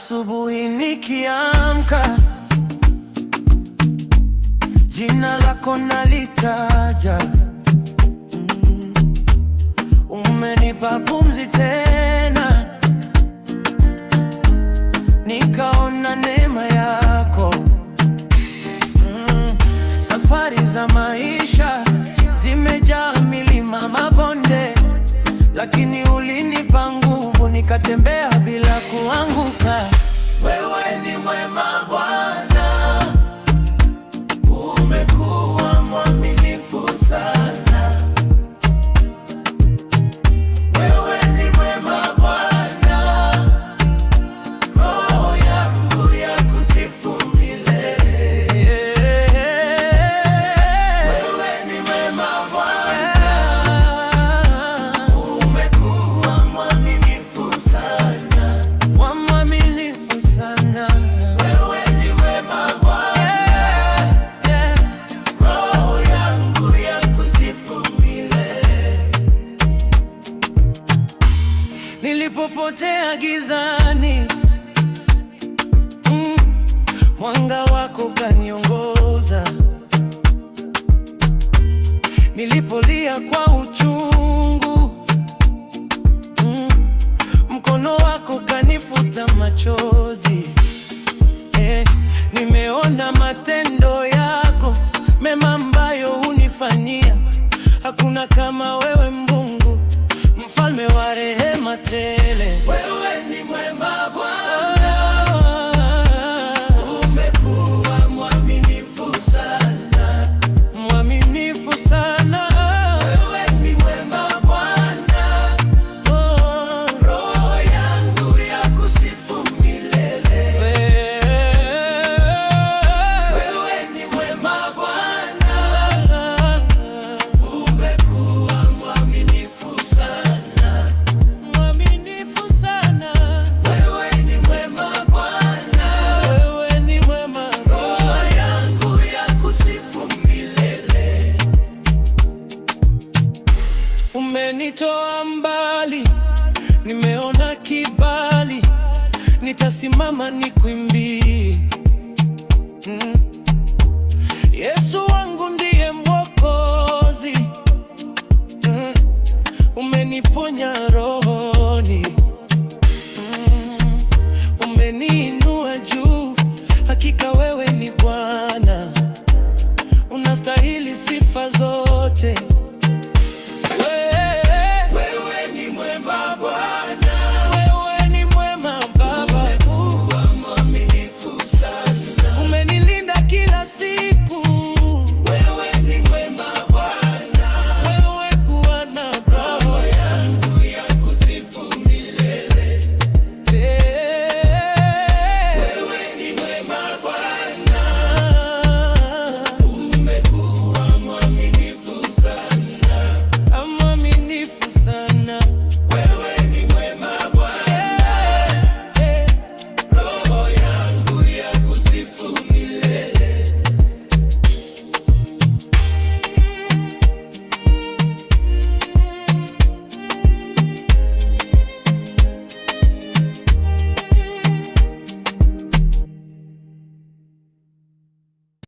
Asubuhi nikiamka, jina lako nalitaja Nilipopotea gizani, mm, mwanga wako kaniongoza. Nilipolia kwa uchungu, mm, mkono wako kanifuta machozi. Eh, nimeona matendo yako mema ambayo hunifanyia, hakuna kama wewe mfalme wa rehema tele, wewe ni mwema. Umenitoa mbali, nimeona kibali, nitasimama nikuimbie. Mm. Yesu wangu ndiye Mwokozi. Mm. Umeniponya rohoni. Mm. Umeni